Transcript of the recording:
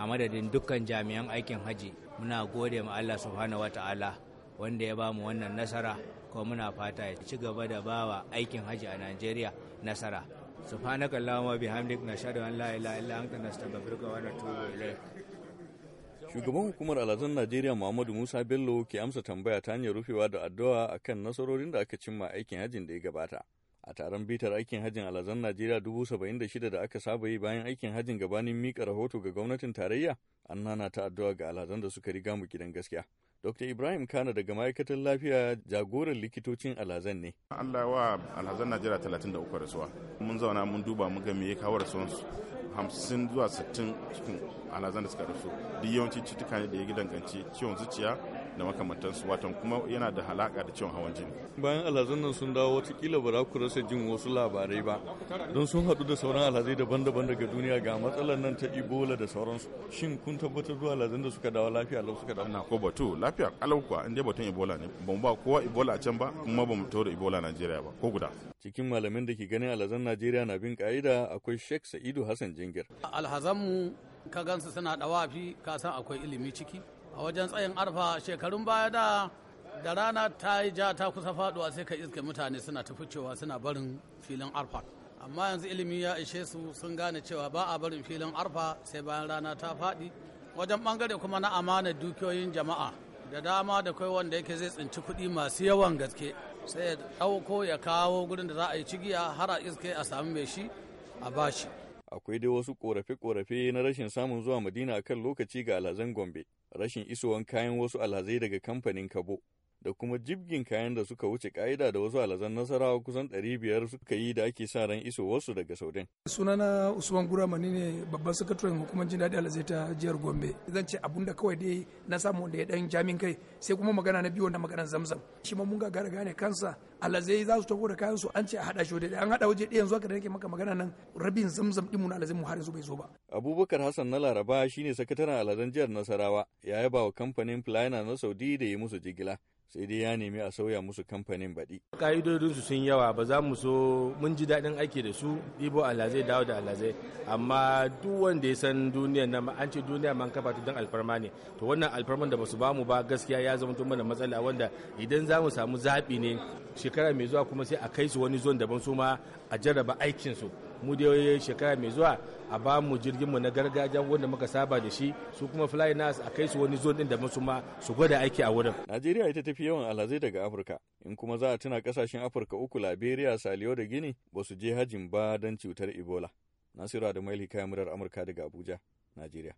a madadin dukkan jami'an aikin haji muna gode ma Allah subhanahu wata'ala wanda ya bamu wannan nasara ko muna fata ya ci gaba da bawa aikin haji a Najeriya nasara subhanaka allahumma bihamdik nashhadu an la ilaha illa anta nastaghfiruka wa natubu Shugaban hukumar alazan Najeriya Muhammadu Musa Bello ke amsa tambaya ta hanyar rufewa da addu'a akan nasarorin da aka cimma aikin hajin da ya gabata. a taron bitar aikin hajjin alazan Najeriya dubu saba'in da shida da aka saba yi bayan aikin hajjin gabanin mika rahoto ga gwamnatin tarayya an nana ta addu'a ga alazan da suka riga mu gidan gaskiya. Dr. Ibrahim Kana daga ma'aikatar lafiya jagoran likitocin alhazan ne. Allah wa alhazan Najeriya 33 rasuwa. Mun zauna mun duba mun ga me ya kawo rasuwansu. hamsin zuwa sittin cikin alhazan da suka rasu duk yawanci cutuka ne da ya danganci ciwon zuciya da makamantansu watan kuma yana da halaka da ciwon hawan jini bayan alhazan nan sun dawo watakila ba za ku rasa jin wasu labarai ba don sun haɗu da sauran alhazai daban-daban daga duniya ga matsalar nan ta ibola da sauransu shin kun tabbatar zuwa alhazan da suka dawo lafiya lau suka dawo na ko batu lafiya alauka kuwa in dai batun ebola ne ban ba kowa ebola a can ba kuma ba mu da ebola najeriya ba ko guda cikin malamin da ke ganin alhazan najeriya na bin ka'ida akwai sheikh sa'idu hassan jingir alhazan mu ka gansu suna dawafi ka san akwai ilimi ciki a wajen tsayin arfa shekarun baya da da rana ta yi ja ta kusa faduwa sai ka iske mutane suna ta ficewa suna barin filin arfa amma yanzu ilimi ya ishe su sun gane cewa ba a barin filin arfa sai bayan rana ta faɗi wajen bangare kuma na amana dukiyoyin jama'a da dama da kai wanda yake zai tsinci kuɗi masu yawan gaske sai ya ɗauko ya kawo gurin da za a yi cigiya har a iske a sami mai shi a bashi akwai dai wasu korafe-korafe na rashin samun zuwa madina kan lokaci ga alhazan gombe rashin isowar kayan wasu alhazai daga kamfanin kabo da kuma jibgin kayan da suka wuce ka'ida da wasu alazan nasarawa kusan 500 suka yi da ake sa ran iso wasu daga saudin. sunana usman guramani ne babban sakataren hukumar jin daɗi alazai ta jihar gombe zan ce abun da kawai dai na samu da ya dan jamin kai sai kuma magana na biyu wanda maganar zamzam shi ma mun gara gane kansa alazai za su tafi da kayan su an ce a haɗa shi an haɗa waje ɗaya yanzu haka da nake maka magana nan rabin zamzam ɗinmu na alazai mu har yanzu bai zo ba. abubakar hassan na laraba shine sakataren alazan jihar nasarawa ya yaba wa kamfanin filana na saudi da ya musu jigila sai dai ya nemi a sauya musu kamfanin baɗi. Ƙa'idodinsu sun yawa ba za mu so mun ji daɗin aiki da su ibo alhazai dawo da alhazai amma duk wanda ya san duniya na an ce duniya man kafa ta don alfarma ne to wannan alfarman da basu bamu ba gaskiya ya zama tun mana matsala wanda idan za mu samu zaɓi ne shekara mai zuwa kuma sai a kai su wani zon daban su ma a jarraba aikinsu mu da dai shekara mai zuwa a ba mu jirgin na gargajiya wanda muka saba da shi su kuma fly nas a kai su wani zone din da musu ma su gwada aiki a wurin Najeriya ita tafi yawan alhazai daga Afirka in kuma za a tuna kasashen Afirka uku Liberia Saliyo da Gini ba su je hajin ba don cutar Ebola Nasiru Adamu Elhika murar Amurka daga Abuja Najeriya